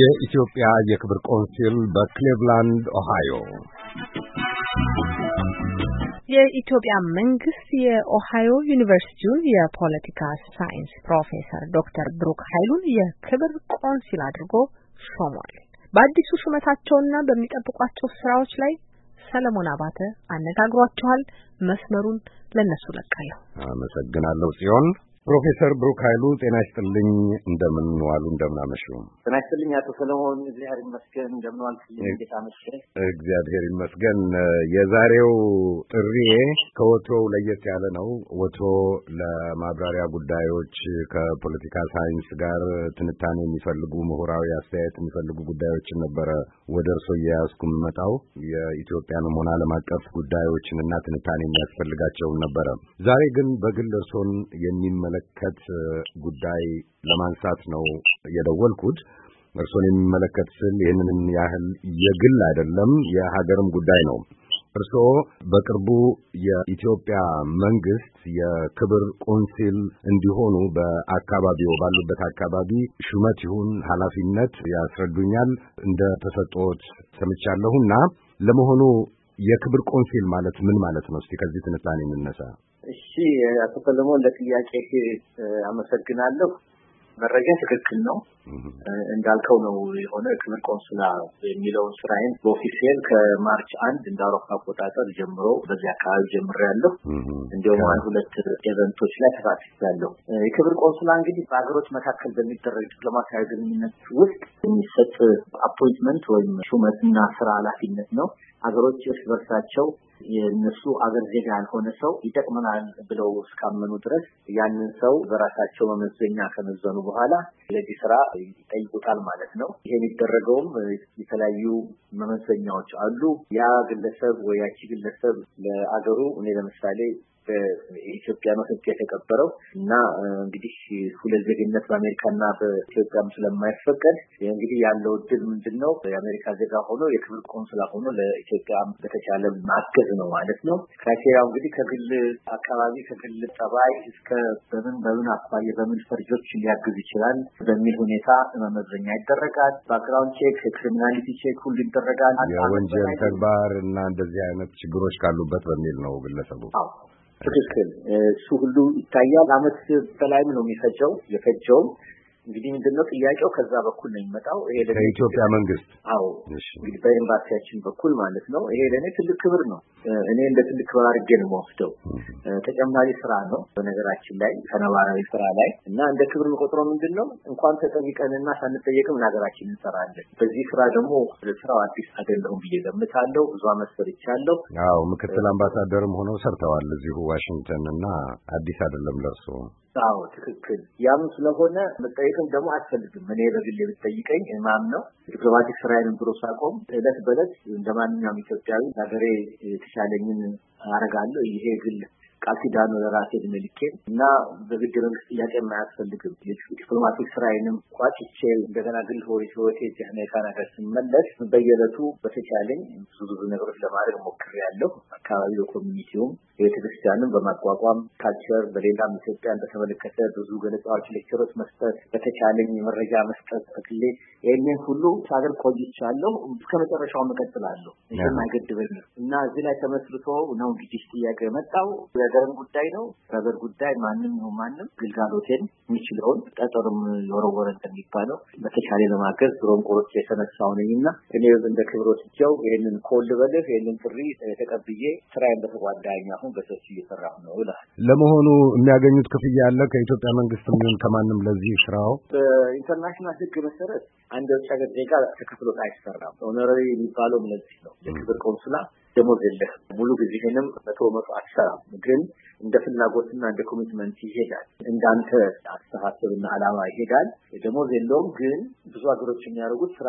የኢትዮጵያ የክብር ቆንሲል በክሊቭላንድ ኦሃዮ የኢትዮጵያ መንግስት የኦሃዮ ዩኒቨርሲቲውን የፖለቲካ ሳይንስ ፕሮፌሰር ዶክተር ብሩክ ኃይሉን የክብር ቆንሲል አድርጎ ሾሟል። በአዲሱ ሹመታቸውና በሚጠብቋቸው ስራዎች ላይ ሰለሞን አባተ አነጋግሯቸዋል። መስመሩን ለእነሱ ለቃለሁ። አመሰግናለሁ ጽዮን። ፕሮፌሰር ብሩክ ኃይሉ ጤና ይስጥልኝ። እንደምን ዋሉ? እንደምን አመሹ? ጤና ይስጥልኝ አቶ ሰለሞን። እግዚአብሔር ይመስገን። እንደምን ዋልክልኝ? እንዴት አመሸህ? እግዚአብሔር ይመስገን። የዛሬው ጥሪዬ ከወትሮ ለየት ያለ ነው። ወትሮ ለማብራሪያ ጉዳዮች ከፖለቲካ ሳይንስ ጋር ትንታኔ የሚፈልጉ ምሁራዊ አስተያየት የሚፈልጉ ጉዳዮችን ነበረ ወደ እርሶ እየያዝኩ የምመጣው የኢትዮጵያንም ሆነ ዓለም አቀፍ ጉዳዮችንና ትንታኔ የሚያስፈልጋቸውን ነበረ። ዛሬ ግን በግል እርሶን የሚመ የሚመለከት ጉዳይ ለማንሳት ነው የደወልኩት። እርሶን የሚመለከት ስል ይህንንም ያህል የግል አይደለም፣ የሀገርም ጉዳይ ነው። እርስዎ በቅርቡ የኢትዮጵያ መንግስት የክብር ቆንሲል እንዲሆኑ በአካባቢው ባሉበት አካባቢ ሹመት ይሁን ኃላፊነት ያስረዱኛል ተሰጦት ሰምቻለሁና ለመሆኑ የክብር ቆንሲል ማለት ምን ማለት ነው? እስቲ ከዚህ ትንታኔ እንነሳ። እሺ፣ አቶ ሰለሞን ለጥያቄ አመሰግናለሁ። መረጃ ትክክል ነው እንዳልከው ነው የሆነ ክብር ቆንስላ የሚለውን ስራዬን በኦፊሴል ከማርች አንድ እንደ አውሮፓ አቆጣጠር ጀምሮ በዚህ አካባቢ ጀምሮ ጀምሬያለሁ። እንዲሁም አንድ ሁለት ኤቨንቶች ላይ ተሳትፌያለሁ። የክብር ቆንስላ እንግዲህ በሀገሮች መካከል በሚደረግ ዲፕሎማሲያዊ ግንኙነት ውስጥ የሚሰጥ አፖይንትመንት ወይም ሹመትና ስራ ኃላፊነት ነው። ሀገሮች እርስ በርሳቸው የእነሱ አገር ዜጋ ያልሆነ ሰው ይጠቅመናል ብለው እስካመኑ ድረስ ያንን ሰው በራሳቸው መመዘኛ ከመዘኑ በኋላ ለዚህ ስራ ይጠይቁታል ማለት ነው። ይሄ የሚደረገውም የተለያዩ መመዘኛዎች አሉ። ያ ግለሰብ ወይ ያቺ ግለሰብ ለአገሩ እኔ ለምሳሌ በኢትዮጵያ ነው ህግ የተቀበለው እና እንግዲህ ሁለት ዜግነት በአሜሪካና በኢትዮጵያም ስለማይፈቀድ እንግዲህ ያለው እድል ምንድን ነው? የአሜሪካ ዜጋ ሆኖ የክብር ቆንስላ ሆኖ ለኢትዮጵያ በተቻለ ማገዝ ነው ማለት ነው። ክራይቴሪያው እንግዲህ ከግል አካባቢ ከግል ጠባይ እስከ በምን በምን አኳየ በምን ፈርጆች ሊያግዝ ይችላል በሚል ሁኔታ መመዘኛ ይደረጋል። ባክግራውንድ ቼክ፣ ክሪሚናሊቲ ቼክ ሁሉ ይደረጋል። የወንጀል ተግባር እና እንደዚህ አይነት ችግሮች ካሉበት በሚል ነው ግለሰቡ ትክክል። እሱ ሁሉ ይታያል። አመት በላይም ነው የሚፈጀው የፈጀውም እንግዲህ ምንድነው ጥያቄው ከዛ በኩል ነው የሚመጣው። ይሄ ለኢትዮጵያ መንግስት አዎ፣ እንግዲህ በኤምባሲያችን በኩል ማለት ነው። ይሄ ለእኔ ትልቅ ክብር ነው። እኔ እንደ ትልቅ ክብር አድርጌ ነው የምወስደው። ተጨማሪ ስራ ነው በነገራችን ላይ ተነባራዊ ስራ ላይ እና እንደ ክብር የምቆጥረው ምንድን ነው እንኳን ተጠይቀንና ሳንጠየቅም ነገራችን እንሰራለን። በዚህ ስራ ደግሞ ስራው አዲስ አይደለሁም ብዬ ገምታለሁ። ብዙ አመት ሰርቻለሁ። አዎ ምክትል አምባሳደርም ሆነው ሰርተዋል እዚሁ ዋሽንግተን እና አዲስ አይደለም ለእርስዎ አዎ ትክክል። ያም ስለሆነ መጠየቅም ደግሞ አትፈልግም እኔ በግል የምጠይቀኝ ማም ነው ዲፕሎማቲክ ስራዬን ብሎ ሳቆም እለት በእለት እንደ ማንኛውም ኢትዮጵያዊ ሀገሬ የተሻለኝን አረጋለሁ። ይሄ ግል ቃል ኪዳኑ ለራሴ ድመልኬ እና በግድ መንግስት ጥያቄ አያስፈልግም ዲፕሎማቲክ ስራዬንም ቋጭቼ እንደገና ግል ህይወቴ እዚህ ካናዳ ስመለስ በየዕለቱ በተቻለኝ ብዙ ብዙ ነገሮች ለማድረግ ሞክሬያለሁ። አካባቢ በኮሚኒቲውም ቤተክርስቲያንም በማቋቋም ካልቸር፣ በሌላም ኢትዮጵያን በተመለከተ ብዙ ገለጻዎች፣ ሌክቸሮች መስጠት፣ በተቻለኝ መረጃ መስጠት ተክሌ ይህንን ሁሉ ሳገር ቆይቻለሁ። እስከ መጨረሻው መቀጥላለሁ። ይህም አይገድበኝም እና እዚህ ላይ ተመስርቶ ነው እንግዲህ ጥያቄ የመጣው የሀገርን ጉዳይ ነው፣ በብር ጉዳይ ማንም ይሁን ማንም ግልጋሎቴን የሚችለውን ጠጠርም የወረወረ እንደሚባለው በተቻለ ለማገዝ ብሮን ቆርጬ የተነሳሁ ነኝ እና እኔ እንደ ክብሮ ስቸው ይህንን ኮል በልህ ይህንን ጥሪ ተቀብዬ ስራ በተጓዳኝ አሁን በሰፊ እየሰራሁ ነው ይላል። ለመሆኑ የሚያገኙት ክፍያ አለ? ከኢትዮጵያ መንግስት የሚሆን ከማንም ለዚህ ስራው በኢንተርናሽናል ህግ መሰረት አንድ የውጭ ሀገር ዜጋ ተከፍሎት አይሰራም። ኦነራሪ የሚባለው ለዚህ ነው። የክብር ቆንስላ ደሞዝ የለህም፣ ሙሉ ጊዜህንም መቶ መቶ አትሰራም፣ ግን እንደ ፍላጎትና እንደ ኮሚትመንት ይሄዳል፣ እንዳንተ አስተሳሰብና አላማ ይሄዳል። ደሞዝ የለውም፣ ግን ብዙ ሀገሮች የሚያደርጉት ስራ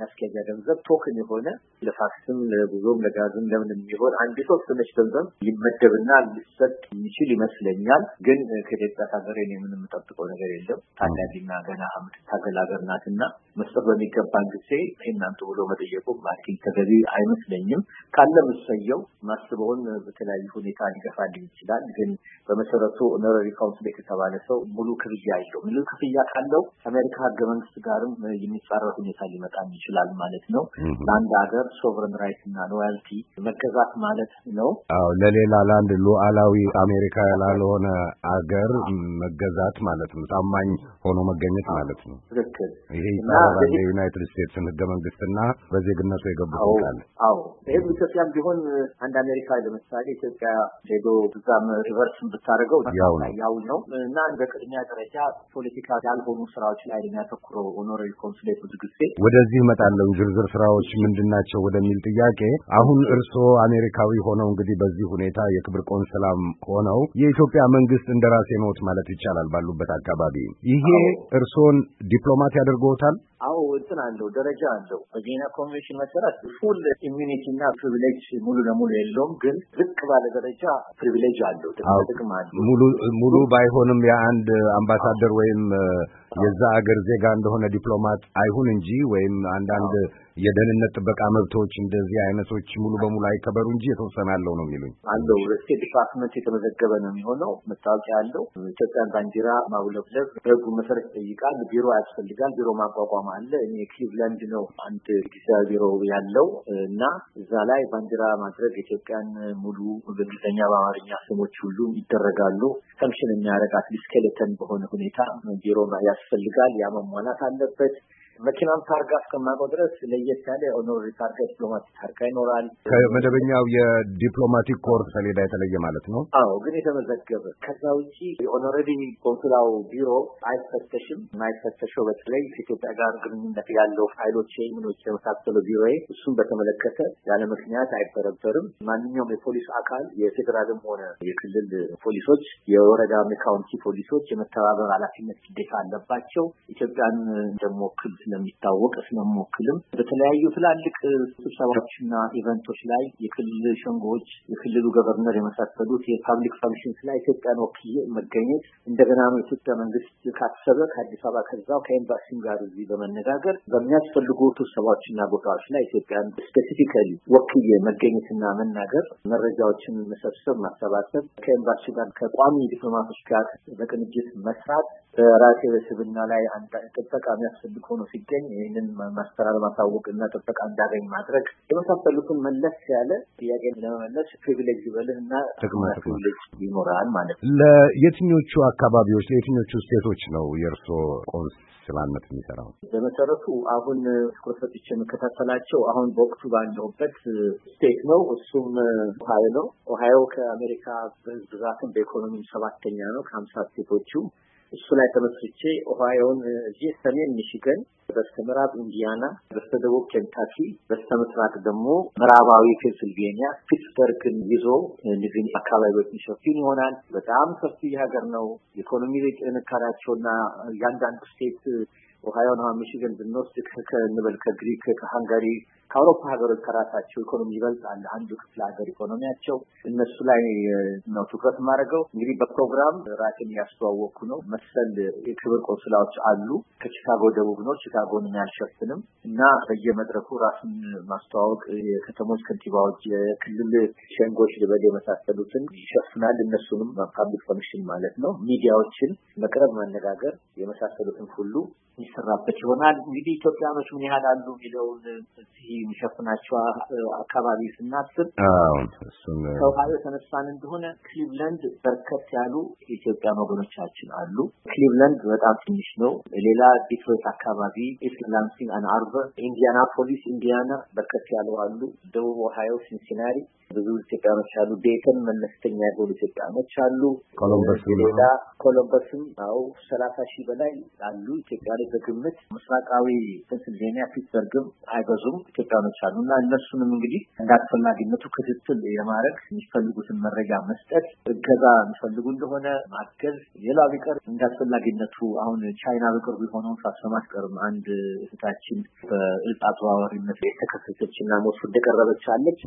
ማስኪያጃ ገንዘብ ቶክን የሆነ ለፋክስም፣ ለጉዞም፣ ለጋዝም ለምን የሚሆን አንድ ሰው ትንሽ ገንዘብ ሊመደብና ሊሰጥ የሚችል ይመስለኛል። ግን ከኢትዮጵያ ሀገር ኔ ምን የምጠብቀው ነገር የለም። ታዳጊና ገና የምትታገል ሀገር ናትና መስጠት በሚገባን ጊዜ ይህናንቱ ብሎ መጠየቁ ማርኪን ተገቢ አይመስለኝም። ካለ እሰየው ማስበውን በተለያዩ ሁኔታ ሊ ይችላል። ግን በመሰረቱ ኦነረሪ ካውንስል የተባለ ሰው ሙሉ ክፍያ አለው ሙሉ ክፍያ ካለው ከአሜሪካ ህገ መንግስት ጋርም የሚጻረር ሁኔታ ሊመጣም ይችላል ማለት ነው። ለአንድ ሀገር ሶቨረን ራይት እና ሎያልቲ መገዛት ማለት ነው። አዎ ለሌላ ለአንድ ሉዓላዊ አሜሪካ ላልሆነ አገር መገዛት ማለት ነው። ታማኝ ሆኖ መገኘት ማለት ነው። ትክክል። ይሄ የዩናይትድ ስቴትስን ህገ መንግስትና በዜግነቱ የገቡት ቃል አዎ ኢትዮጵያም ቢሆን አንድ አሜሪካዊ ለምሳሌ ኢትዮጵያ ሄዶ ብዛም ሪቨርስ ብታደርገው ያው ነው እና በቅድሚያ ደረጃ ፖለቲካ ያልሆኑ ስራዎች ላይ የሚያተኩረው ኦኖራሪ ኮንስሌት ብዙ ጊዜ ወደዚህ እመጣለሁ። ዝርዝር ስራዎች ምንድን ናቸው ወደሚል ጥያቄ አሁን እርስዎ አሜሪካዊ ሆነው እንግዲህ በዚህ ሁኔታ የክብር ቆንስላም ሆነው የኢትዮጵያ መንግስት እንደራሴ ኖት ማለት ይቻላል ባሉበት አካባቢ ይሄ እርስዎን ዲፕሎማት ያደርገውታል? አዎ እንትን አለው ደረጃ አለው። በቪየና ኮንቬንሽን መሰረት ፉል ኢሚኒቲ እና ፕሪቪሌጅ ሙሉ ለሙሉ የለውም፣ ግን ዝቅ ባለ ደረጃ ፕሪቪሌጅ አለው፣ ጥቅም አለው። ሙሉ ባይሆንም የአንድ አምባሳደር ወይም የዛ አገር ዜጋ እንደሆነ ዲፕሎማት አይሁን እንጂ ወይም አንዳንድ የደህንነት ጥበቃ መብቶች እንደዚህ አይነቶች ሙሉ በሙሉ አይከበሩ እንጂ የተወሰነ አለው ነው የሚሉኝ። አለው ስቴት ዲፓርትመንት የተመዘገበ ነው የሚሆነው። መታወቂያ አለው። ኢትዮጵያን ባንዲራ ማውለብለብ በህጉ መሰረት ይጠይቃል። ቢሮ ያስፈልጋል። ቢሮ ማቋቋም አለ። እኔ ክሊቭላንድ ነው አንድ ጊዜያዊ ቢሮ ያለው እና እዛ ላይ ባንዲራ ማድረግ የኢትዮጵያን ሙሉ በእንግሊዝኛ በአማርኛ ስሞች ሁሉም ይደረጋሉ። ፈንክሽን የሚያደርግ አትሊስት ስኬሌተን በሆነ ሁኔታ ቢሮ ያስ ያስፈልጋል። ያ መሟላት አለበት። መኪናም ታርጋ እስከማውቀው ድረስ ለየት ያለ ኦኖሪ ታርጋ ዲፕሎማቲክ ታርጋ ይኖራል። ከመደበኛው የዲፕሎማቲክ ኮር ሰሌዳ የተለየ ማለት ነው። አዎ፣ ግን የተመዘገበ ከዛ ውጪ የኦኖረሪ ኮንሱላው ቢሮ አይፈተሽም። የማይፈተሸው በተለይ ከኢትዮጵያ ጋር ግንኙነት ያለው ፋይሎች፣ ምኖች የመሳሰሉ ቢሮ እሱም በተመለከተ ያለ ምክንያት አይበረበርም። ማንኛውም የፖሊስ አካል የፌዴራልም ሆነ የክልል ፖሊሶች፣ የወረዳ የካውንቲ ፖሊሶች የመተባበር ኃላፊነት ግዴታ አለባቸው። ኢትዮጵያን ደግሞ ስለሚታወቅ ስለምወክልም በተለያዩ ትላልቅ ስብሰባዎችና ኢቨንቶች ላይ የክልል ሸንጎዎች፣ የክልሉ ገቨርነር የመሳሰሉት የፓብሊክ ፋንክሽንስ ላይ ኢትዮጵያን ወክዬ መገኘት እንደገና ነው የኢትዮጵያ መንግስት ካሰበ ከአዲስ አበባ ከዛው ከኤምባሲም ጋር እዚህ በመነጋገር በሚያስፈልጉ ስብሰባዎችና ቦታዎች ላይ ኢትዮጵያን ስፔሲፊካሊ ወክዬ መገኘትና መናገር፣ መረጃዎችን መሰብሰብ፣ ማሰባሰብ፣ ከኤምባሲ ጋር ከቋሚ ዲፕሎማቶች ጋር በቅንጅት መስራት በራሴ በስብና ላይ ጥበቃ የሚያስፈልግ ሆኖ ሲገኝ ይህንን ማስተራር ማሳወቅ እና ጥበቃ እንዳገኝ ማድረግ የመሳሰሉትን መለስ ያለ ጥያቄ ለመመለስ ፕሪቪሌጅ ይበልን እና ፕሪቪሌጅ ይኖራል ማለት ነው። ለየትኞቹ አካባቢዎች ለየትኞቹ ስቴቶች ነው የእርስዎ ስላነት የሚሰራው? በመሰረቱ አሁን ትኩረት ሰጥቼ የምከታተላቸው አሁን በወቅቱ ባለሁበት ስቴት ነው። እሱም ኦሃዮ ነው። ኦሃዮ ከአሜሪካ በህዝብ ብዛትም በኢኮኖሚም ሰባተኛ ነው ከሀምሳ ስቴቶቹ እሱ ላይ ተመስርቼ ኦሃዮን እዚህ ሰሜን ሚሽገን፣ በስተ ምዕራብ ኢንዲያና፣ በስተ ደቡብ ኬንታኪ፣ በስተ ምስራቅ ደግሞ ምዕራባዊ ፔንስልቬኒያ ፒትስበርግን ይዞ ንግኝ አካባቢዎችን ሸፊን ይሆናል። በጣም ሰፊ ሀገር ነው። ኢኮኖሚ ጥንካሬያቸውና እያንዳንዱ ስቴት ኦሃዮን ሚሽገን ብንወስድ ከንበል ከግሪክ ከሃንጋሪ ከአውሮፓ ሀገሮች ከራሳቸው ኢኮኖሚ ይበልጣል። አንዱ ክፍለ ሀገር ኢኮኖሚያቸው እነሱ ላይ ነው ትኩረት የማደርገው። እንግዲህ በፕሮግራም ራሴን እያስተዋወቅኩ ነው። መሰል የክብር ቆንስላዎች አሉ። ከቺካጎ ደቡብ ነው። ቺካጎንም ያልሸፍንም እና በየመድረኩ ራሱን ማስተዋወቅ የከተሞች ከንቲባዎች፣ የክልል ሸንጎች ልበል የመሳሰሉትን ይሸፍናል። እነሱንም ፓብሊክ ኮሚሽን ማለት ነው። ሚዲያዎችን መቅረብ፣ ማነጋገር የመሳሰሉትን ሁሉ የሚሰራበት ይሆናል። እንግዲህ ኢትዮጵያኖች ምን ያህል አሉ የሚለውን እዚህ የሚሸፍናቸው አካባቢ ስናስብ ከኦሃዮ ተነሳን እንደሆነ ክሊቭለንድ በርከት ያሉ የኢትዮጵያን ወገኖቻችን አሉ። ክሊቭለንድ በጣም ትንሽ ነው። ሌላ ዲትሮይት አካባቢ፣ ኢስት ላንሲንግ አን አርበር፣ ኢንዲያናፖሊስ ኢንዲያና በርከት ያሉ አሉ። ደቡብ ኦሃዮ ሲንሲናሪ ብዙ ኢትዮጵያኖች አሉ። ቤተን መለስተኛ የሆኑ ኢትዮጵያኖች አሉ። ሌላ ኮሎምበስም ው ሰላሳ ሺህ በላይ አሉ ኢትዮጵያ በግምት ምስራቃዊ ፔንስልቬኒያ ፒትስበርግም አይበዙም ኢትዮጵያኖች አሉ እና እነሱንም እንግዲህ እንደ አስፈላጊነቱ ክትትል የማድረግ የሚፈልጉትን መረጃ መስጠት፣ እገዛ የሚፈልጉ እንደሆነ ማገዝ፣ ሌላ ቢቀር እንደ አስፈላጊነቱ አሁን ቻይና በቅርቡ የሆነውን ሳትሰማትቀርም አንድ እህታችን በእጽ አዘዋዋሪነት የተከሰሰች እና ሞት እንደቀረበች አለች።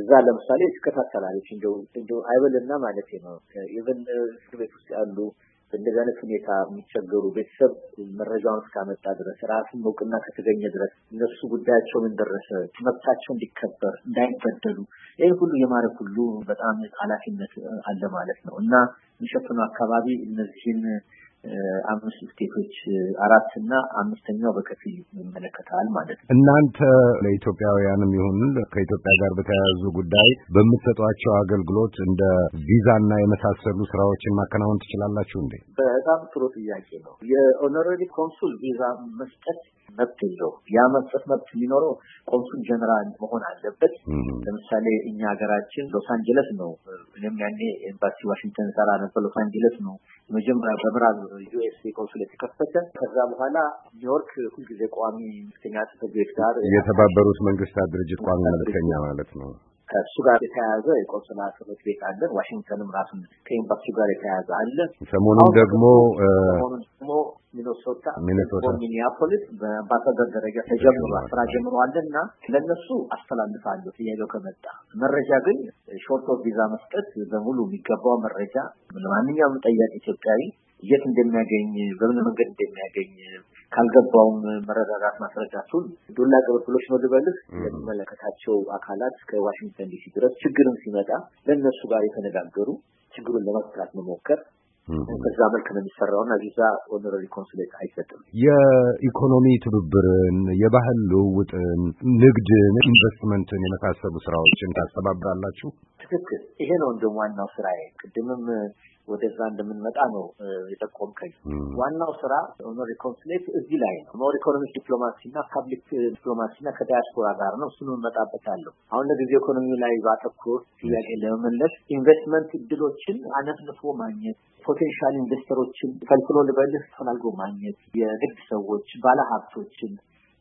እዛ ለምሳሌ ትከታተላለች እንደ አይበልና ማለት ነው ኢቨን እስር ቤት ውስጥ ያሉ በእንደዚህ አይነት ሁኔታ የሚቸገሩ ቤተሰብ መረጃውን እስካመጣ ድረስ ራሱን እውቅና ከተገኘ ድረስ እነሱ ጉዳያቸው ምን ደረሰ፣ መብታቸው እንዲከበር እንዳይበደሉ፣ ይህ ሁሉ የማድረግ ሁሉ በጣም ኃላፊነት አለ ማለት ነው እና የሚሸፍነው አካባቢ እነዚህን አምስት ስቴቶች አራት እና አምስተኛው በከፊል ይመለከታል ማለት ነው። እናንተ ለኢትዮጵያውያንም ይሁን ከኢትዮጵያ ጋር በተያያዙ ጉዳይ በምትሰጧቸው አገልግሎት እንደ ቪዛና የመሳሰሉ ስራዎችን ማከናወን ትችላላችሁ እንዴ? በጣም ጥሩ ጥያቄ ነው። የኦኖራሪ ኮንሱል ቪዛ መስጠት መብት የለው። ያ መስጠት መብት የሚኖረው ኮንሱል ጀነራል መሆን አለበት። ለምሳሌ እኛ ሀገራችን ሎስ አንጀለስ ነው። እኔም ያኔ ኤምባሲ ዋሽንግተን ሰራ ነበር። ሎስ አንጀለስ ነው መጀመሪያ በምራብ ዩኤስኤ ኮንሱሌት ከፈተ። ከዛ በኋላ ኒውዮርክ ሁልጊዜ ቋሚ መልክተኛ ጽሕፈት ቤት ጋር የተባበሩት መንግስታት ድርጅት ቋሚ መልክተኛ ማለት ነው። ከእሱ ጋር የተያያዘ የቆንስላ ጽሕፈት ቤት አለን። ዋሽንግተንም ራሱን ከኤምባሲ ጋር የተያያዘ አለ። ሰሞኑን ደግሞ ሰሞኑን ደግሞ ሚኒሶታ ሚኒሶታ ሚኒያፖሊስ በአምባሳደር ደረጃ ተጀምሯል ስራ ጀምረዋለን እና ለእነሱ አስተላልፋለሁ ጥያቄው ከመጣ መረጃ ግን ሾርቶ ቪዛ መስጠት በሙሉ የሚገባው መረጃ ለማንኛውም ጠያቂ ኢትዮጵያዊ የት እንደሚያገኝ በምን መንገድ እንደሚያገኝ ካልገባውም መረዳዳት ማስረዳቱን ዱላ ቅብብሎች ነው ልበልህ የሚመለከታቸው አካላት ከዋሽንግተን ዲሲ ድረስ ችግርም ሲመጣ ለእነሱ ጋር የተነጋገሩ ችግሩን ለመፍታት መሞከር በዛ መልክ ነው የሚሰራውና ቪዛ ኦነራሪ ኮንስሌት አይሰጥም። የኢኮኖሚ ትብብርን፣ የባህል ልውውጥን፣ ንግድን፣ ኢንቨስትመንትን የመሳሰሉ ስራዎችን ታስተባብራላችሁ። ትክክል። ይሄ ነው እንደውም ዋናው ስራዬ። ቅድምም ወደ ስራ እንደምንመጣ ነው የጠቆምከኝ። ዋናው ስራ ኖር ኮንስሌት እዚህ ላይ ነው። ኖር ኢኮኖሚክ ዲፕሎማሲ ዲፕሎማሲና ፐብሊክ ዲፕሎማሲና ከዲያስፖራ ጋር ነው። እሱን እንመጣበታለሁ። አሁን ለጊዜው ኢኮኖሚ ላይ ባተኩር ጥያቄ ለመመለስ ኢንቨስትመንት እድሎችን አነፍንፎ ማግኘት፣ ፖቴንሻል ኢንቨስተሮችን ፈልፍሎ ልበልህ ፈላልጎ ማግኘት፣ የንግድ ሰዎች ባለሀብቶችን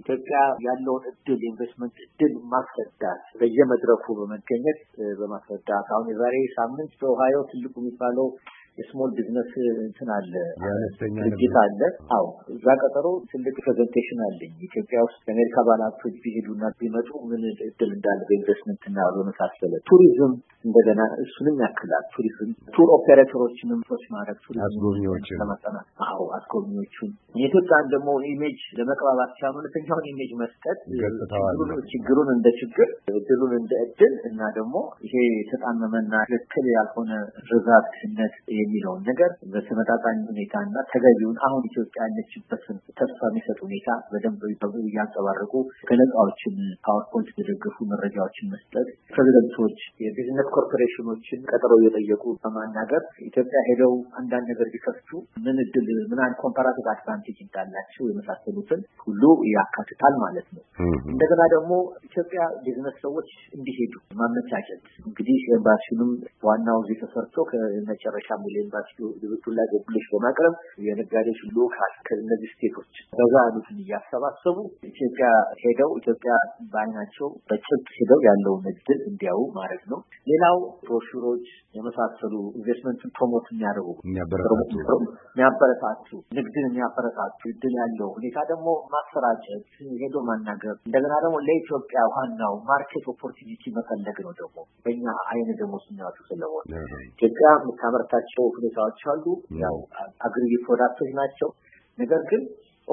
ኢትዮጵያ ያለውን እድል ኢንቨስትመንት እድል ማስረዳት በየመድረኩ በመገኘት በማስረዳት አሁን የዛሬ ሳምንት በኦሃዮ ትልቁ የሚባለው የስሞል ቢዝነስ እንትን አለ ድርጅት አለ። አዎ እዛ ቀጠሮ ትልቅ ፕሬዘንቴሽን አለኝ ኢትዮጵያ ውስጥ የአሜሪካ ባለሀብቶች ቢሄዱና ቢመጡ ምን እድል እንዳለ በኢንቨስትመንት በኢንቨስትመንትና በመሳሰለ ቱሪዝም እንደገና እሱንም ያክላል። ቱሪዝም ቱር ኦፐሬተሮችንም ሶች ማድረግ ቱሪዝም ለማጠናት አዎ አስጎብኚዎቹን የኢትዮጵያን ደግሞ ኢሜጅ ለመቅባባት ሳይሆን ሁለተኛውን ኢሜጅ መስጠት ችግሩን እንደ ችግር እድሉን እንደ እድል እና ደግሞ ይሄ የተጣመመና ትክክል ያልሆነ ርዛትነት የሚለውን ነገር በተመጣጣኝ ሁኔታ እና ተገቢውን አሁን ኢትዮጵያ ያለችበትን ተስፋ የሚሰጥ ሁኔታ በደንብ እያንጸባረቁ ገለጻዎችን ፓወርፖይንት የተደገፉ መረጃዎችን መስጠት፣ ፕሬዚደንቶች፣ የቢዝነስ ኮርፖሬሽኖችን ቀጠሮ እየጠየቁ በማናገር ኢትዮጵያ ሄደው አንዳንድ ነገር ቢከፍቱ ምን እድል ምን አንድ ኮምፓራቲቭ አድቫንቴጅ እንዳላቸው የመሳሰሉትን ሁሉ ያካትታል ማለት ነው። እንደገና ደግሞ ኢትዮጵያ ቢዝነስ ሰዎች እንዲሄዱ ማመቻቸት እንግዲህ ኤምባሲውንም ዋናው እዚህ ተሰርቶ ከመጨረሻ ለኤምባሲው ፍላጎት በማቅረብ የነጋዴ ሎካል ከእነዚህ ስቴቶች በዛ ያሉትን እያሰባሰቡ ኢትዮጵያ ሄደው ኢትዮጵያ በአይናቸው በጭብጥ ሄደው ያለውን እድል እንዲያው ማድረግ ነው። ሌላው ብሮሹሮች የመሳሰሉ ኢንቨስትመንትን ፕሮሞት የሚያደርጉ የሚያበረታቱ ንግድን የሚያበረታቱ እድል ያለው ሁኔታ ደግሞ ማሰራጨት፣ ሄዶ ማናገር እንደገና ደግሞ ለኢትዮጵያ ዋናው ማርኬት ኦፖርቹኒቲ መፈለግ ነው። ደግሞ በእኛ አይነ ደግሞ ስናያቱ ስለሆነ ኢትዮጵያ የምታመርታቸው ሁኔታዎች አሉ። ያው አግሪ ፕሮዳክቶች ናቸው። ነገር ግን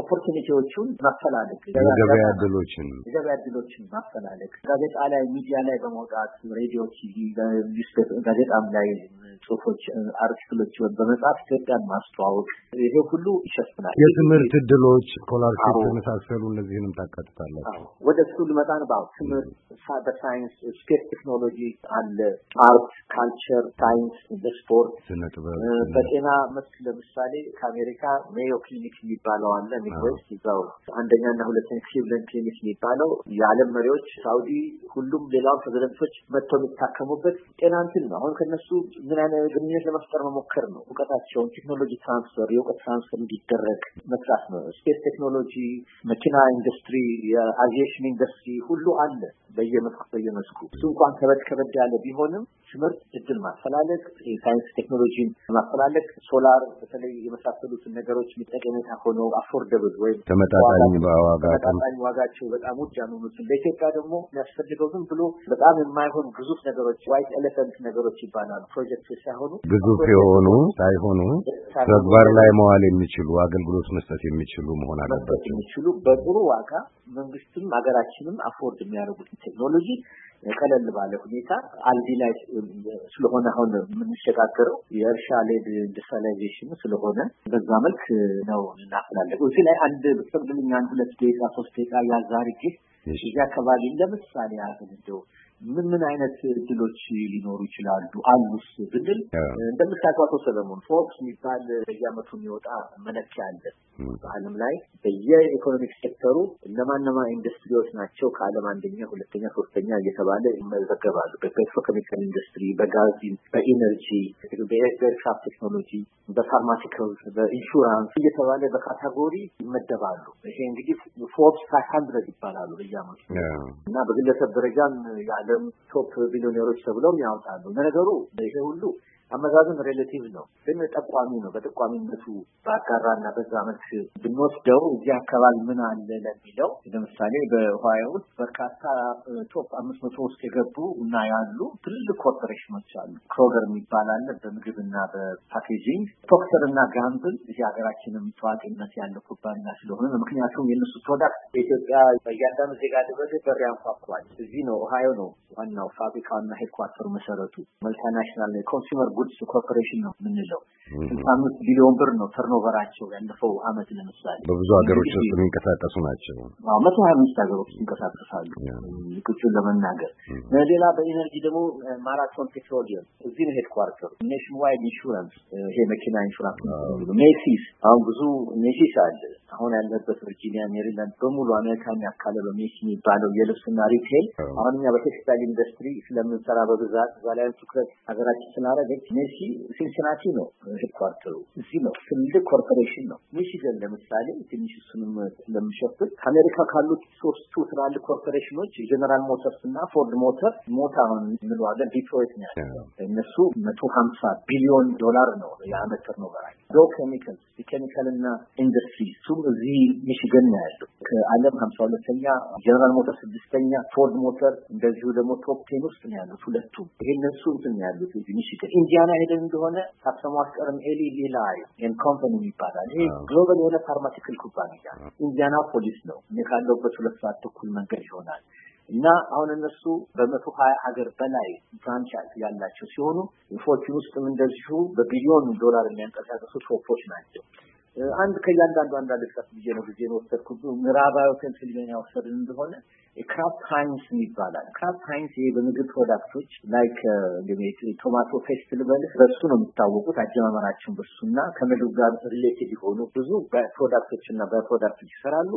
ኦፖርቹኒቲዎቹን ማፈላለግ የገበያ እድሎችን የገበያ እድሎችን ማፈላለግ ጋዜጣ ላይ ሚዲያ ላይ በመውጣት ሬዲዮ፣ ቲቪ፣ ጋዜጣም ላይ ጽሁፎች፣ አርቲክሎች በመጽሐፍ ኢትዮጵያን ማስተዋወቅ ይሄ ሁሉ ይሸፍናል። የትምህርት እድሎች፣ ስኮላርሽፕ የመሳሰሉ እነዚህንም ታካትታላችሁ። ወደ እሱ ልመጣ ነው። ትምህርት በሳይንስ ስፔስ ቴክኖሎጂ አለ፣ አርት፣ ካልቸር፣ ሳይንስ፣ በስፖርት፣ በጤና መስክ ለምሳሌ ከአሜሪካ ሜዮ ክሊኒክ የሚባለው አለ ፓብሊክ ሄልዝ እዛው አንደኛና ሁለተኛ ክሊቭላንድ ክሊኒክ የሚባለው የዓለም መሪዎች ሳውዲ፣ ሁሉም ሌላው ፕሬዚደንቶች መጥተው የሚታከሙበት ጤና እንትን ነው። አሁን ከነሱ ምን አይነት ግንኙነት ለመፍጠር መሞከር ነው። እውቀታቸውን ቴክኖሎጂ ትራንስፈር፣ የእውቀት ትራንስፈር እንዲደረግ መስራት ነው። ስፔስ ቴክኖሎጂ፣ መኪና ኢንዱስትሪ፣ የአቪዬሽን ኢንዱስትሪ ሁሉ አለ በየመስኩ በየመስኩ እሱ እንኳን ከበድ ከበድ ያለ ቢሆንም ምርት እድል ማፈላለግ፣ የሳይንስ ቴክኖሎጂን ማፈላለግ፣ ሶላር በተለይ የመሳሰሉትን ነገሮች የሚጠቀሜታ ሆነው አፎርደብል ወይም ተመጣጣኝ ዋጋቸው በጣም ውድ ያልሆኑትን በኢትዮጵያ ደግሞ የሚያስፈልገው ዝም ብሎ በጣም የማይሆን ግዙፍ ነገሮች ዋይት ኤሌፈንት ነገሮች ይባላሉ። ፕሮጀክቶች ሳይሆኑ ግዙፍ የሆኑ ሳይሆኑ ተግባር ላይ መዋል የሚችሉ አገልግሎት መስጠት የሚችሉ መሆን አለባቸው። የሚችሉ በጥሩ ዋጋ መንግስትም ሀገራችንም አፎርድ የሚያደርጉት ቴክኖሎጂ ቀለል ባለ ሁኔታ አልዲ ላይ ስለሆነ አሁን የምንሸጋገረው የእርሻ ሌድ ኢንዱስትሪላይዜሽኑ ስለሆነ በዛ መልክ ነው እናፈላለገው። እዚህ ላይ አንድ ብትፈቅድልኝ አንድ ሁለት ደቂቃ ሶስት ደቂቃ ያዛርጌ እዚህ አካባቢ ለምሳሌ ያህል እንደው ምን ምን አይነት እድሎች ሊኖሩ ይችላሉ አሉስ ብንል እንደምታውቀው አቶ ሰለሞን ፎክስ የሚባል በየአመቱ የሚወጣ መለኪያ አለ በአለም ላይ በየኢኮኖሚክ ሴክተሩ እነማነማ ኢንዱስትሪዎች ናቸው ከአለም አንደኛ፣ ሁለተኛ፣ ሶስተኛ እየተባለ ይመዘገባሉ። በፔትሮኬሚካል ኢንዱስትሪ፣ በጋዝ፣ በኢነርጂ፣ በኤርክራፍት ቴክኖሎጂ፣ በፋርማሲካል፣ በኢንሹራንስ እየተባለ በካታጎሪ ይመደባሉ። ይሄ እንግዲህ ፎርስ ፋይቭ ሀንድረድ ይባላሉ በየአመቱ እና በግለሰብ ደረጃም ያለ ቶፕ ቢሊዮኔሮች ተብለውም ያወጣሉ። ለነገሩ ይሄ ሁሉ አመዛዝን ሬሌቲቭ ነው፣ ግን ጠቋሚ ነው። በጠቋሚነቱ በአጋራና በዛ መልክ ብንወስደው እዚህ አካባቢ ምን አለ ለሚለው ለምሳሌ በኦሃዮ ውስጥ በርካታ ቶፕ አምስት መቶ ውስጥ የገቡ እና ያሉ ትልልቅ ኮርፖሬሽኖች አሉ። ክሮገር የሚባል አለ በምግብና በፓኬጂንግ። ፕሮክተር እና ጋምብል እዚህ ሀገራችንም ታዋቂነት ያለው ኩባንያ ስለሆነ ምክንያቱም የእነሱ ፕሮዳክት በኢትዮጵያ በእያንዳንዱ ዜጋ ድረስ በር ያንኳኳል። እዚህ ነው ኦሃዮ ነው ዋናው ፋብሪካና ሄድኳርተሩ መሰረቱ። መልቲናሽናል ኮንሱመር good Sukh operation of Manila. አምስት ቢሊዮን ብር ነው ተርኖቨራቸው ያለፈው አመት ለምሳሌ በብዙ ሀገሮች ውስጥ የሚንቀሳቀሱ ናቸው። መቶ ሀያ አምስት ሀገሮች ይንቀሳቀሳሉ። ቁጭን ለመናገር ሌላ በኢነርጂ ደግሞ ማራቶን ፔትሮሊየም እዚህ ነው ሄድኳርተሩ። ኔሽን ዋይድ ኢንሹራንስ ይሄ መኪና ኢንሹራንስ ሜሲስ አሁን ብዙ ሜሲስ አለ። አሁን ያለበት ቨርጂኒያ፣ ሜሪላንድ በሙሉ አሜሪካ የሚያካለ በሜሲ የሚባለው የልብስና ሪቴል አሁን እኛ በቴክስታይል ኢንዱስትሪ ስለምንሰራ በብዛት እዛ ላይ ትኩረት ሀገራችን ስላደረገች ሜሲ ሲንሲናቲ ነው ሄድኳርተሩ እዚህ ነው። ትልቅ ኮርፖሬሽን ነው። ሚሽገን ለምሳሌ ትንሽ እሱንም ስለምሸፍን ከአሜሪካ ካሉት ሶስቱ ትላልቅ ኮርፖሬሽኖች ጀነራል ሞተርስ እና ፎርድ ሞተር ሞታውን የምንለዋለን ዲትሮይት ነው ያለው። እነሱ መቶ ሀምሳ ቢሊዮን ዶላር ነው የአመት ተርኖቨራቸው ዶ ኬሚካልስ የኬሚካልና ኢንዱስትሪ እሱም እዚህ ሚሽገን ነው ያለው። ከአለም ሀምሳ ሁለተኛ ጀነራል ሞተር ስድስተኛ ፎርድ ሞተር እንደዚሁ ደግሞ ቶፕ ቴን ውስጥ ነው ያሉት ሁለቱም። ይህን እሱ እንትን ነው ያሉት እዚህ ሚሽገን። ኢንዲያና ሄደን እንደሆነ ሳብሰሙ አስቀርም ኤሊ ሌላ ኤን ኮምፓኒ ይባላል። ይሄ ግሎባል የሆነ ፋርማቲካል ኩባንያ ኢንዲያና ፖሊስ ነው። እኔ ካለሁበት ሁለት ሰዓት ተኩል መንገድ ይሆናል። እና አሁን እነሱ በመቶ ሀያ ሀገር በላይ ብራንች ያላቸው ሲሆኑ ኢንፎርቹን ውስጥም እንደዚሁ በቢሊዮን ዶላር የሚያንቀሳቀሱ ሾፖች ናቸው። አንድ ከእያንዳንዱ አንዳንድ ልጥቀስ ጊዜ ነው ጊዜ ወሰድኩ። ምዕራባዊ ፔንስልቬኒያ ወሰድን እንደሆነ ክራፍት ሃይንስ ይባላል። ክራፍት ሃይንስ ይሄ በምግብ ፕሮዳክቶች ላይክ ቶማቶ ፔስት ልበልህ፣ በሱ ነው የሚታወቁት። አጀማመራቸውን በሱና ከምግብ ጋር ሪሌቲቭ የሆኑ ብዙ ፕሮዳክቶች እና በፕሮዳክቶች ይሰራሉ።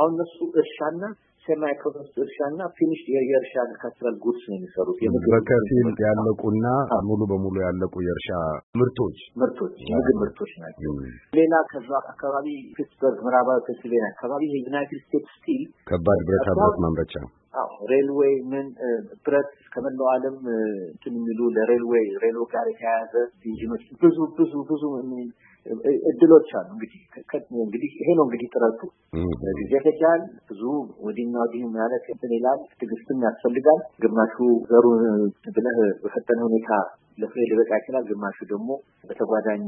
አሁን እነሱ እርሻና ሰማይ ከፈስ እርሻና ፊኒሽ የእርሻ አግሪካልቸራል ጉድስ ነው የሚሰሩት። በከፊል ያለቁና ሙሉ በሙሉ ያለቁ የእርሻ ምርቶች ምርቶች ምግብ ምርቶች ናቸው። ሌላ ከዛ አካባቢ ፒትስበርግ፣ ምዕራባዊ ፔንስልቬንያ አካባቢ የዩናይትድ ስቴትስ ስቲል ከባድ ብረታ ብረት ማምረቻ ሬልዌይ ምን ብረት ከመላው ዓለም እንትን የሚሉ ለሬልዌይ ሬሎ ጋር የተያያዘ ኢንጂኖች ብዙ ብዙ ብዙ እድሎች አሉ። እንግዲህ እንግዲህ ይሄ ነው እንግዲህ ጥረቱ ጊዜ ፈጃል። ብዙ ወዲና ወዲህ ማለት እንትን ይላል። ትዕግስትም ያስፈልጋል። ግማሹ ዘሩን ብለህ በፈጠነ ሁኔታ ለፍሬ ሊበቃ ይችላል። ግማሹ ደግሞ በተጓዳኝ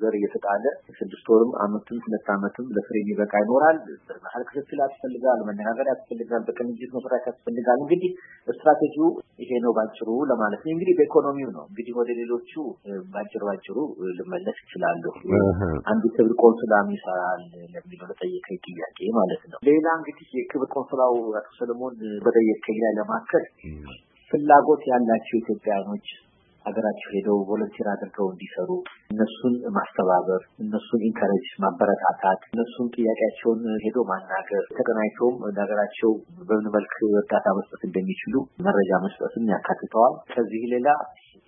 ዘር እየተጣለ ስድስት ወርም አመትም ሁለት አመትም ለፍሬ ሊበቃ ይኖራል። መሀል ክትትል ያስፈልጋል። መነጋገር ያስፈልጋል። በቅንጅት መስራት ያስፈልጋል። እንግዲህ ስትራቴጂው ይሄ ነው ባጭሩ ለማለት ነው። እንግዲህ በኢኮኖሚው ነው እንግዲህ ወደ ሌሎቹ ባጭሩ ባጭሩ ልመለስ ይችላሉ። አንዱ ክብር ቆንስላ ይሰራል ለሚለው ለጠየቀ ጥያቄ ማለት ነው። ሌላ እንግዲህ የክብር ቆንስላው አቶ ሰለሞን በጠየቀ ላይ ለማከል ፍላጎት ያላቸው ኢትዮጵያኖች ሀገራቸው ሄደው ቮለንቲር አድርገው እንዲሰሩ እነሱን ማስተባበር፣ እነሱን ኢንካሬጅ ማበረታታት፣ እነሱን ጥያቄያቸውን ሄዶ ማናገር፣ ተቀናይተውም ለሀገራቸው በምን መልክ እርዳታ መስጠት እንደሚችሉ መረጃ መስጠትም ያካትተዋል። ከዚህ ሌላ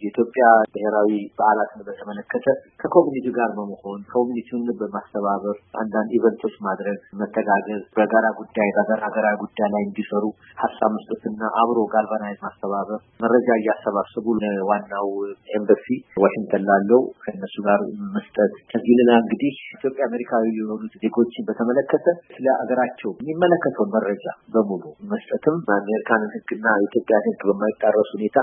የኢትዮጵያ ብሔራዊ በዓላትን በተመለከተ ከኮሚኒቲው ጋር በመሆን ኮሚኒቲውን በማስተባበር አንዳንድ ኢቨንቶች ማድረግ፣ መተጋገዝ፣ በጋራ ጉዳይ ሀገራዊ ጉዳይ ላይ እንዲሰሩ ሀሳብ መስጠትና አብሮ ጋልቫናይዝ ማስተባበር፣ መረጃ እያሰባሰቡ ለዋናው ኤምበሲ ዋሽንግተን ላለው ከእነሱ ጋር መስጠት። ከዚህ ሌላ እንግዲህ ኢትዮጵያ አሜሪካዊ የሆኑት ዜጎችን በተመለከተ ስለ ሀገራቸው የሚመለከተውን መረጃ በሙሉ መስጠትም አሜሪካንን ሕግና ኢትዮጵያን ሕግ በማይጣረሱ ሁኔታ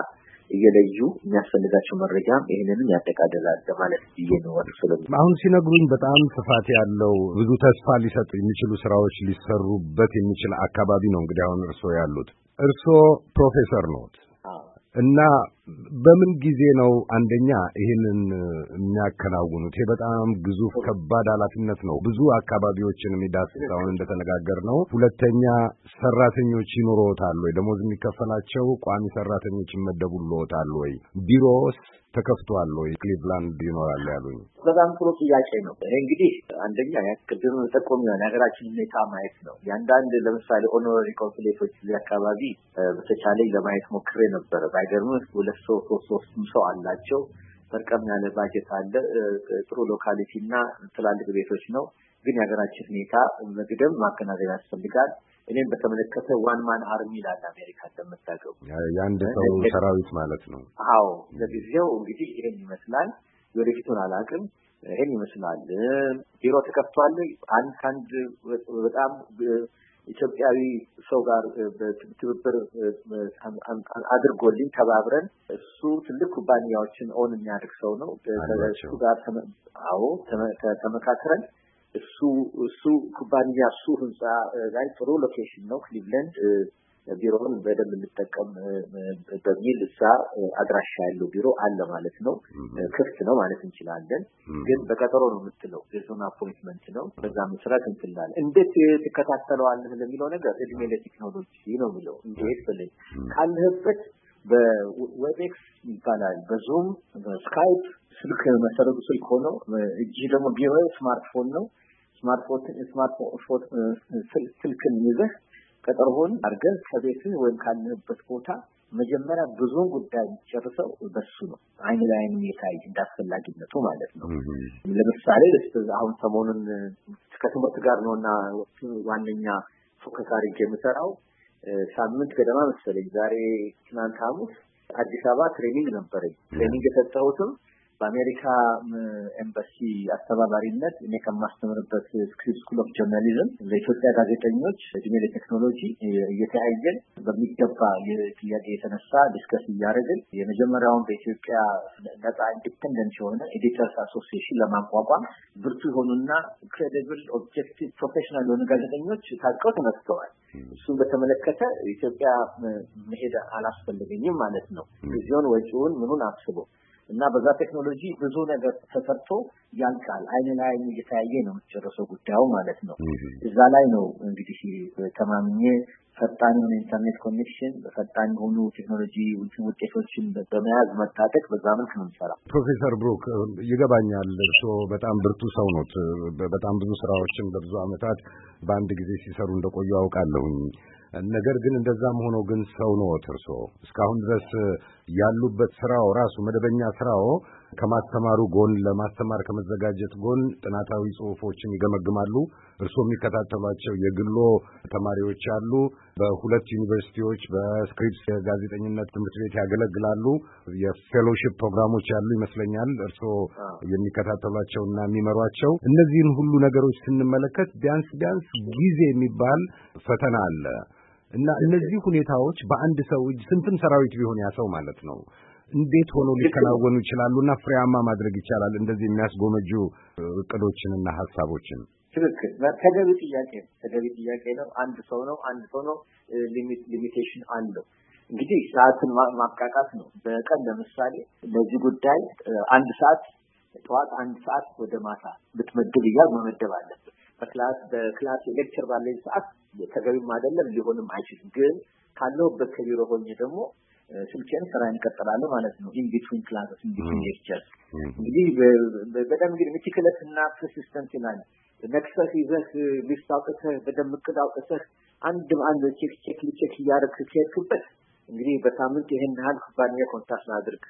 እየለዩ የሚያስፈልጋቸው መረጃ ይህንንም ያጠቃደላል ለማለት ብዬ ነው። አቶ ሰለሞን አሁን ሲነግሩኝ በጣም ስፋት ያለው ብዙ ተስፋ ሊሰጥ የሚችሉ ስራዎች ሊሰሩበት የሚችል አካባቢ ነው። እንግዲህ አሁን እርስዎ ያሉት እርስዎ ፕሮፌሰር ነት እና በምን ጊዜ ነው አንደኛ ይህንን የሚያከናውኑት? ይሄ በጣም ግዙፍ ከባድ ኃላፊነት ነው። ብዙ አካባቢዎችን የሚዳስስ አሁን እንደተነጋገር ነው። ሁለተኛ ሰራተኞች ይኖሮታል ወይ? ደሞዝ የሚከፈላቸው ቋሚ ሰራተኞች ይመደቡልዎታል ወይ? ቢሮስ ተከፍቷል ወይ? ክሊቭላንድ ይኖራል ያሉኝ። በጣም ጥሩ ጥያቄ ነው። ይሄ እንግዲህ አንደኛ ቅድም ጠቆም የሆነ የሀገራችን ሁኔታ ማየት ነው። የአንዳንድ ለምሳሌ ኦኖረሪ ኮንሱሌቶች እዚህ አካባቢ በተቻለኝ ለማየት ሞክሬ ነበረ። ባይገርምህ ሁለት ሁለት ሰው ሶስት ሶስትም ሰው አላቸው። በርቀም ያለ ባጀት አለ። ጥሩ ሎካሊቲ እና ትላልቅ ቤቶች ነው። ግን የሀገራችን ሁኔታ በግደም ማገናዘብ ያስፈልጋል። እኔም በተመለከተ ዋን ማን አርሚ ይላል አሜሪካ እንደምታውቀው የአንድ ሰው ሰራዊት ማለት ነው። አዎ ለጊዜው እንግዲህ ይሄን ይመስላል። የወደፊቱን አላውቅም። ይሄን ይመስላል። ቢሮ ተከፍቷል። አንድ ከአንድ በጣም ኢትዮጵያዊ ሰው ጋር ትብብር አድርጎልኝ ተባብረን እሱ ትልቅ ኩባንያዎችን ኦን የሚያደርግ ሰው ነው። እሱ ጋር አዎ ተመካክረን እሱ እሱ ኩባንያ እሱ ህንፃ ላይ ጥሩ ሎኬሽን ነው ክሊቭለንድ ቢሮውን በደንብ እንጠቀም በሚል እዛ አድራሻ ያለው ቢሮ አለ ማለት ነው። ክፍት ነው ማለት እንችላለን። ግን በቀጠሮ ነው የምትለው የዞን አፖይንትመንት ነው። በዛ መሰረት እንትላለን። እንዴት ትከታተለዋለህ ለሚለው ነገር እድሜ ለቴክኖሎጂ ነው የሚለው እንዴት ብለኝ ካለህበት በዌብኤክስ ይባላል በዙም በስካይፕ ስልክ መሰረቱ ስልክ ሆነው እጅ ደግሞ ቢሮ ስማርትፎን ነው ስማርትፎን ስልክን ይዘህ ሆን አድርገን ከቤትህ ወይም ካለህበት ቦታ መጀመሪያ ብዙውን ጉዳይ የሚጨርሰው በሱ ነው። አይን ለአይን የታይ እንዳስፈላጊነቱ ማለት ነው። ለምሳሌ አሁን ሰሞኑን ከትምህርት ጋር ነው እና ዋነኛ ፎከስ አድርጌ የምሰራው ሳምንት ገደማ መሰለኝ ዛሬ ትናንት ሐሙስ አዲስ አበባ ትሬኒንግ ነበረኝ። ትሬኒንግ የሰጠሁትም በአሜሪካ ኤምባሲ አስተባባሪነት እኔ ከማስተምርበት ስክሪፕ ስኩል ኦፍ ጆርናሊዝም ለኢትዮጵያ ጋዜጠኞች እድሜ ለቴክኖሎጂ እየተያየን በሚገባ ጥያቄ የተነሳ ዲስከስ እያደረግን የመጀመሪያውን በኢትዮጵያ ነጻ ኢንዲፔንደንት የሆነ ኤዲተርስ አሶሲሽን ለማቋቋም ብርቱ የሆኑና ክሬዲብል፣ ኦብጀክቲቭ፣ ፕሮፌሽናል የሆኑ ጋዜጠኞች ታቀው ተመስተዋል። እሱን በተመለከተ ኢትዮጵያ መሄድ አላስፈልገኝም ማለት ነው። ጊዜውን ወጪውን ምኑን አስቦ እና በዛ ቴክኖሎጂ ብዙ ነገር ተሰርቶ ያልቃል። አይን ለአይን እየተያየ ነው የምትጨርሰው ጉዳዩ ማለት ነው። እዛ ላይ ነው እንግዲህ ተማምኜ ፈጣን የሆነ ኢንተርኔት ኮኔክሽን ፈጣን የሆኑ ቴክኖሎጂ ውጤቶችን በመያዝ መታጠቅ በዛ መልክ ነው የሚሰራ። ፕሮፌሰር ብሩክ ይገባኛል፣ እርስዎ በጣም ብርቱ ሰው ኖት። በጣም ብዙ ስራዎችን በብዙ ዓመታት በአንድ ጊዜ ሲሰሩ እንደቆዩ አውቃለሁኝ። ነገር ግን እንደዛም ሆኖ ግን ሰው ነዎት እርሶ እስካሁን ድረስ ያሉበት ስራው ራሱ መደበኛ ስራው ከማስተማሩ ጎን ለማስተማር ከመዘጋጀት ጎን ጥናታዊ ጽሁፎችን ይገመግማሉ። እርስዎ የሚከታተሏቸው የግሎ ተማሪዎች አሉ። በሁለት ዩኒቨርሲቲዎች በስክሪፕስ የጋዜጠኝነት ትምህርት ቤት ያገለግላሉ። የፌሎሺፕ ፕሮግራሞች ያሉ ይመስለኛል እርስዎ የሚከታተሏቸውና የሚመሯቸው። እነዚህን ሁሉ ነገሮች ስንመለከት ቢያንስ ቢያንስ ጊዜ የሚባል ፈተና አለ። እና እነዚህ ሁኔታዎች በአንድ ሰው እጅ ስንትም ሰራዊት ቢሆን ያሰው ማለት ነው እንዴት ሆኖ ሊከናወኑ ይችላሉ እና ፍሬያማ ማድረግ ይቻላል እንደዚህ የሚያስጎመጁ እቅዶችንና ሀሳቦችን? ትክክል፣ ተገቢ ጥያቄ ነው። ተገቢ ጥያቄ ነው። አንድ ሰው ነው አንድ ሰው ነው ሊሚቴሽን አለው። እንግዲህ ሰዓትን ማብቃቃት ነው። በቀን ለምሳሌ በዚህ ጉዳይ አንድ ሰዓት ጠዋት አንድ ሰዓት ወደ ማታ ብትመድብ እያል መመደብ አለበት በክላስ በክላስ የሌክቸር ባለኝ ሰዓት ተገቢም አይደለም ሊሆንም አይችልም። ግን ካለሁበት ከቢሮ ሆኜ ደግሞ ስልኬን ስራ እንቀጥላለ ማለት ነው። ኢንቢትዊን ክላስ ኢንቢትዊን ሌክቸር እንግዲህ በደንብ እንግዲህ ሚቲክለስ እና ፐርሲስተንስ ይላል። ነክሰህ ይዘህ ሊስት አውጥተህ በደንብ እቅድ አውጥተህ አንድ በአንድ ቼክ ቼክ ቼክ እያደረግህ ሲሄድክበት እንግዲህ በሳምንት ይህን ያህል ኩባንያ ኮንታክት ማድረግ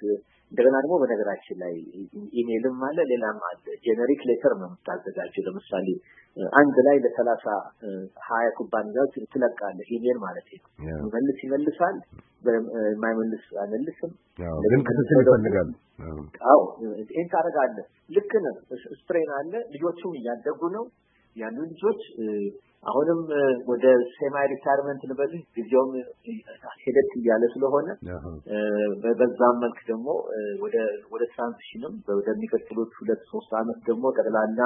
እንደገና ደግሞ በነገራችን ላይ ኢሜልም አለ ሌላም አለ። ጄኔሪክ ሌተር ነው የምታዘጋጀው። ለምሳሌ አንድ ላይ ለሰላሳ ሀያ ኩባንያዎች ትለቃለህ። ኢሜል ማለት ነው። መልስ ይመልሳል፣ የማይመልስ አይመልስም። ግን ክትትል ይፈልጋል። አዎ ይህን ታደርጋለህ። ልክ ነህ። ስትሬን አለ። ልጆቹም እያደጉ ነው ያሉ ልጆች አሁንም ወደ ሴማይ ሪታርመንት ልበልህ ጊዜውም ሄደት እያለ ስለሆነ በዛም መልክ ደግሞ ወደ ትራንዚሽንም ወደሚቀጥሉት ሁለት ሶስት አመት ደግሞ ጠቅላላ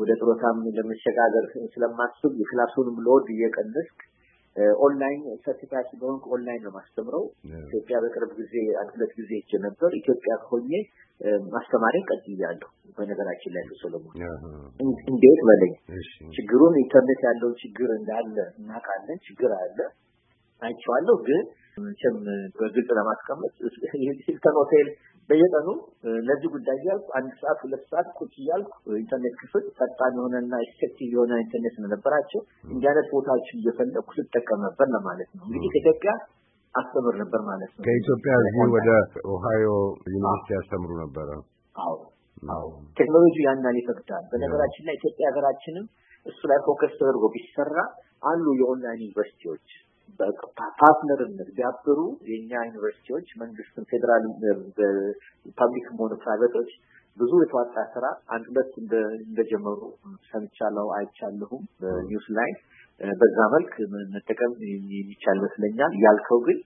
ወደ ጥሮታም ለመሸጋገር ስለማስብ የክላሱንም ሎድ እየቀነስክ ኦንላይን ሰርቲፋይ ስለሆንኩ ኦንላይን ነው ማስተምረው። ኢትዮጵያ በቅርብ ጊዜ አንድ ሁለት ጊዜ ሄጄ ነበር። ኢትዮጵያ ሆኜ ማስተማሪን ቀጥያለሁ። በነገራችን ላይ ሰለሞን እንዴት በለኝ ችግሩን ኢንተርኔት ያለው ችግር እንዳለ እናውቃለን። ችግር አለ አይቼዋለሁ። ግን መቼም በግልጽ ለማስቀመጥ ሂልተን ሆቴል በየቀኑ ለዚህ ጉዳይ እያልኩ አንድ ሰዓት ሁለት ሰዓት ቁጭ እያልኩ ኢንተርኔት ክፍል ፈጣን የሆነና ኤፌክቲቭ የሆነ ኢንተርኔት ስለነበራቸው እንዲህ አይነት ቦታዎችን እየፈለግኩ ስጠቀም ነበር ለማለት ነው። እንግዲህ ከኢትዮጵያ አስተምር ነበር ማለት ነው። ከኢትዮጵያ እዚህ ወደ ኦሃዮ ዩኒቨርሲቲ ያስተምሩ ነበረ። አዎ አዎ፣ ቴክኖሎጂ ያናል ይፈቅዳል። በነገራችን ላይ ኢትዮጵያ ሀገራችንም እሱ ላይ ፎከስ ተደርጎ ቢሰራ አሉ የኦንላይን ዩኒቨርሲቲዎች በፓርትነርነት ቢያብሩ የእኛ ዩኒቨርሲቲዎች መንግስትም ፌዴራል ፐብሊክ ሆኑ ፕራይቬቶች ብዙ የተዋጣ ስራ አንድ ሁለት እንደጀመሩ ሰምቻለሁ፣ አይቻለሁም ኒውስ ላይ። በዛ መልክ መጠቀም የሚቻል ይመስለኛል። ያልከው ግን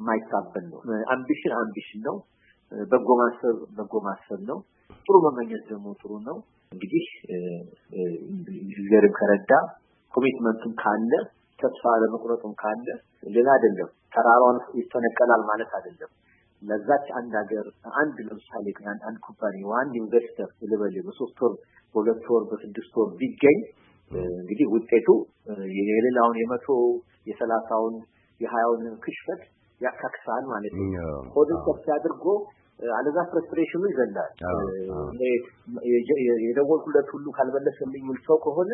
የማይታበል ነው። አምቢሽን አምቢሽን ነው። በጎ ማሰብ በጎ ማሰብ ነው። ጥሩ መመኘት ደግሞ ጥሩ ነው። እንግዲህ እግዚአብሔርም ከረዳ ኮሚትመንቱም ካለ ተስፋ ለመቁረጡም ካለ ሌላ አይደለም። ተራራውን ይፈነቀላል ማለት አይደለም። ለዛች አንድ ሀገር አንድ ለምሳሌ አንድ አንድ ኩባንያ አንድ ኢንቨስተር ልበል በሶስት ወር በሁለት ወር በስድስት ወር ቢገኝ እንግዲህ ውጤቱ የሌላውን የመቶ የሰላሳውን የሀያውን ክሽፈት ያካክሳል ማለት ነው። ሆድን ከፍ አድርጎ አለዛ ፍረስትሬሽኑ ይዘላል። የደወልኩለት ሁሉ ካልመለሰልኝ የሚል ሰው ከሆነ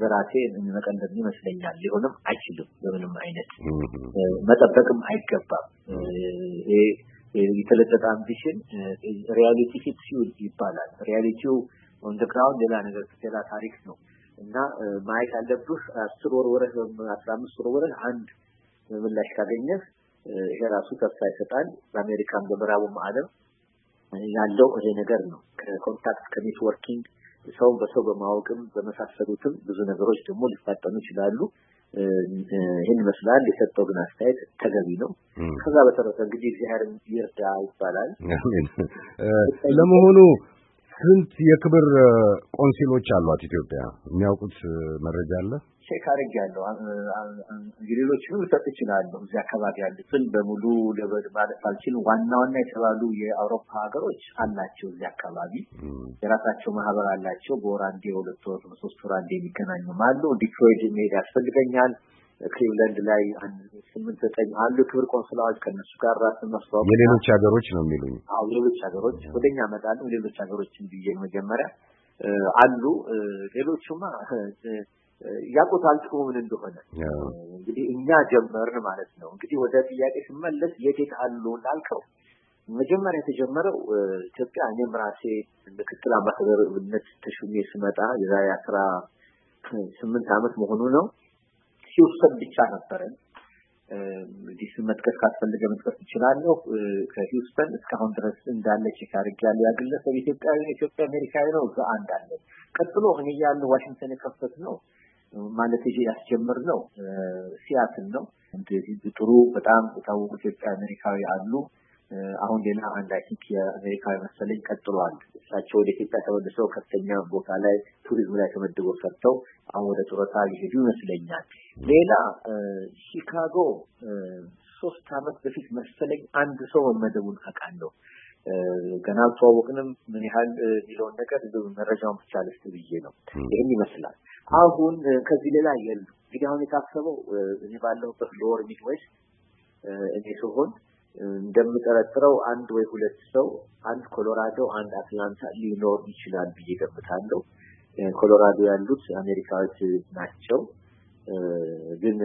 በራሴ መቀንደም ይመስለኛል። ሊሆንም አይችልም። በምንም አይነት መጠበቅም አይገባም። ይሄ የተለጠጠ አምቢሽን ሪያሊቲ ፊት ሲውል ይባላል። ሪያሊቲው ኦንደግራውንድ ሌላ ነገር ሌላ ታሪክ ነው እና ማየት ያለብህ አስር ወር ወረህ አስራ አምስት ወር ወረህ አንድ ምላሽ ካገኘህ ይሄ ራሱ ተስፋ ይሰጣል። በአሜሪካም በምዕራቡም ዓለም ያለው ይሄ ነገር ነው። ከኮንታክት ከኔትወርኪንግ ሰውን በሰው በማወቅም በመሳሰሉትም ብዙ ነገሮች ደግሞ ሊፋጠኑ ይችላሉ። ይህን ይመስላል። የሰጠው ግን አስተያየት ተገቢ ነው። ከዛ በተረፈ እንግዲህ እግዚአብሔር ይርዳ ይባላል። ለመሆኑ ስንት የክብር ቆንሲሎች አሏት ኢትዮጵያ? የሚያውቁት መረጃ አለ? ቼክ አድርጌያለሁ። ሌሎችንም ልሰጥ ይችላለሁ? እዚህ አካባቢ ያሉትን በሙሉ ለበድ ማለት አልችልም። ዋና ዋና የተባሉ የአውሮፓ ሀገሮች አላቸው። እዚህ አካባቢ የራሳቸው ማህበር አላቸው። በወር አንዴ፣ ሁለት ወር፣ ሶስት ወር አንዴ የሚገናኙም አሉ። ዲትሮይት መሄድ ያስፈልገኛል። ክሊቭለንድ ላይ ስምንት ዘጠኝ አሉ ክብር ቆንስላዎች ከእነሱ ጋር ራስን ማስተዋወቅ የሌሎች ሀገሮች ነው የሚሉኝ። አዎ ሌሎች ሀገሮች ወደኛ እመጣለሁ። ሌሎች ሀገሮችን ብዬ መጀመሪያ አሉ ሌሎቹማ ያቆታል ጥቅሙ ምን እንደሆነ እንግዲህ እኛ ጀመርን ማለት ነው። እንግዲህ ወደ ጥያቄ ስመለስ የዴት አሉ እንዳልከው መጀመሪያ የተጀመረው ኢትዮጵያ እኔም ራሴ ምክትል አምባሳደርነት ተሹሜ ስመጣ የዛሬ አስራ ስምንት ዓመት መሆኑ ነው። ሲውሰን ብቻ ነበረን። እንግዲህ መጥቀስ ካስፈለገ መጥቀስ እችላለሁ። ከሂውስተን እስካሁን ድረስ እንዳለ ቼክ አድርጌያለሁ። ያ ግለሰብ ኢትዮጵያዊ ኢትዮጵያ አሜሪካዊ ነው እዛ አንድ አለ። ቀጥሎ እኔ እያለሁ ዋሽንግተን የከፈት ነው ማለት ያስጀምር ነው ሲያትል ነው። ጥሩ በጣም የታወቁ ኢትዮጵያ አሜሪካዊ አሉ። አሁን ሌላ አንድ አይቲክ የአሜሪካዊ መሰለኝ ቀጥሏል። እሳቸው ወደ ኢትዮጵያ ተመልሰው ከፍተኛ ቦታ ላይ ቱሪዝም ላይ ተመድቦ ሰርተው አሁን ወደ ጡረታ ሊሄዱ ይመስለኛል። ሌላ ቺካጎ ሶስት አመት በፊት መሰለኝ አንድ ሰው መመደቡን አውቃለሁ። ገና አልተዋወቅንም ምን ያህል የሚለውን ነገር መረጃውን ብቻ ልስጥ ብዬ ነው። ይህን ይመስላል። አሁን ከዚህ ሌላ የሉ እንግዲህ አሁን የታሰበው እኔ ባለሁበት ሎወር ሚድ እኔ ሲሆን እንደምጠረጥረው አንድ ወይ ሁለት ሰው አንድ ኮሎራዶ፣ አንድ አትላንታ ሊኖር ይችላል ብዬ ገምታለሁ። ኮሎራዶ ያሉት አሜሪካዎች ናቸው ግን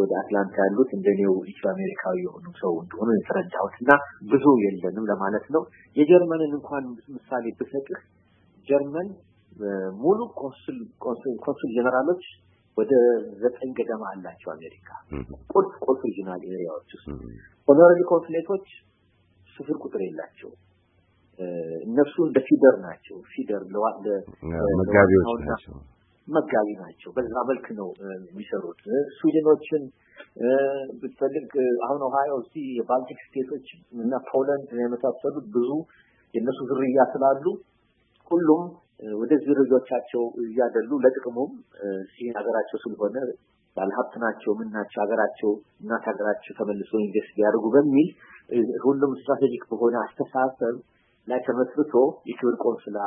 ወደ አትላንታ ያሉት እንደኔው ኢትዮ አሜሪካዊ የሆኑ ሰው እንደሆኑ የተረዳሁት እና ብዙ የለንም ለማለት ነው። የጀርመንን እንኳን ምሳሌ ብሰጥህ ጀርመን ሙሉ ኮንሱል ጀነራሎች ወደ ዘጠኝ ገደማ አላቸው። አሜሪካ ቁልፍ ቁልፍ ሪጂናል ኤሪያዎች ውስጥ ሆኖራሪ ኮንስሌቶች ስፍር ቁጥር የላቸው። እነሱ እንደ ፊደር ናቸው። ፊደር ለዋ ለመጋቢዎች ናቸው። መጋቢ ናቸው። በዛ መልክ ነው የሚሰሩት። ስዊድኖችን ብትፈልግ አሁን ኦሃዮ እዚ የባልቲክ ስቴቶች እና ፖለንድ የመሳሰሉት ብዙ የእነሱ ዝርያ ስላሉ ሁሉም ወደዚህ ልጆቻቸው እያደሉ ለጥቅሙም ሲሄን ሀገራቸው ስለሆነ ባለሀብት ናቸው፣ ምን ናቸው፣ ሀገራቸው እናት ሀገራቸው ተመልሶ ኢንቨስት ቢያደርጉ በሚል ሁሉም ስትራቴጂክ በሆነ አስተሳሰብ ላይ ተመስርቶ የክብር ቆንስላ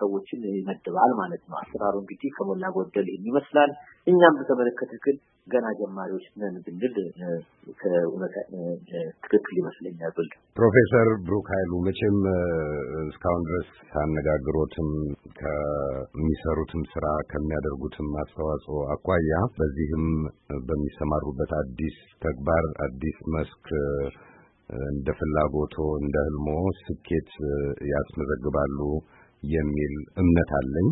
ሰዎችን ይመድባል ማለት ነው። አሰራሩ እንግዲህ ከሞላ ጎደል ይመስላል። እኛም በተመለከተ ግን ገና ጀማሪዎች ነን ብንል ከእውነት ትክክል ይመስለኛል። ብል ፕሮፌሰር ብሩክ ኃይሉ መቼም እስካሁን ድረስ ሳነጋግሮትም ከሚሰሩትም ስራ ከሚያደርጉትም አስተዋጽኦ አኳያ በዚህም በሚሰማሩበት አዲስ ተግባር አዲስ መስክ እንደ ፍላጎቶ እንደ ህልሞ ስኬት ያስመዘግባሉ የሚል እምነት አለኝ።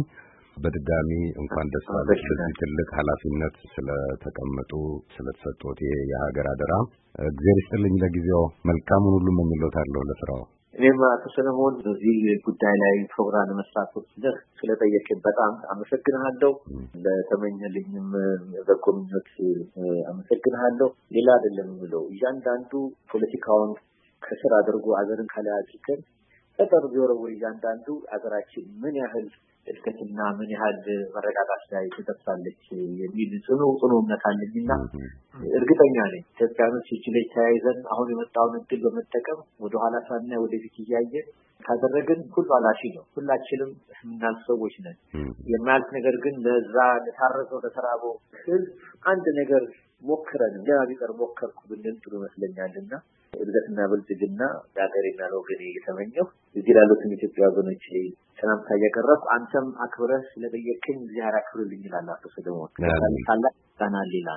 በድጋሚ እንኳን ደስ አለሽ በዚህ ትልቅ ኃላፊነት ስለተቀመጡ ስለተሰጡት የሀገር አደራ እግዚአብሔር ይስጥልኝ። ለጊዜው መልካሙን ሁሉ እመኝልዎታለሁ ለስራው እኔም አቶ ሰለሞን በዚህ ጉዳይ ላይ ፕሮግራም ለመስራት ወስደህ ስለጠየቅን በጣም አመሰግንሃለሁ። ለተመኘልኝም በጎ ምኞት አመሰግንሃለሁ። ሌላ አይደለም የምለው እያንዳንዱ ፖለቲካውን ከስር አድርጎ አገርን ከላይ አድርገን ጠጠር ቢወረውር እያንዳንዱ አገራችን ምን ያህል እድገትና ምን ያህል መረጋጋት ላይ ትደርሳለች የሚል ጽኑ ጽኑ እምነት አለኝና እርግጠኛ ነኝ ኢትዮጵያኖች እጅ ላይ ተያይዘን አሁን የመጣውን እድል በመጠቀም ወደኋላ ሳናይ ወደፊት እያየን ካደረግን ሁሉ አላፊ ነው። ሁላችንም የምናልፍ ሰዎች ነን። የማያልፍ ነገር ግን ለዛ ለታረሰው ለተራበው ህዝብ አንድ ነገር ሞክረን ለሚቀር ሞከርኩ ብንል ጥሩ ይመስለኛልና እድገትና ብልጽግና ለሀገሬና ለወገኔ እየተመኘሁ እዚህ ላሉትም ኢትዮጵያ ወገኖች ሰላምታ እያቀረብኩ አንተም አክብረህ ስለጠየቅኝ እዚህ አክብርልኝ ይላል አቶ ሰለሞን ታላቅ ዛና ሌላ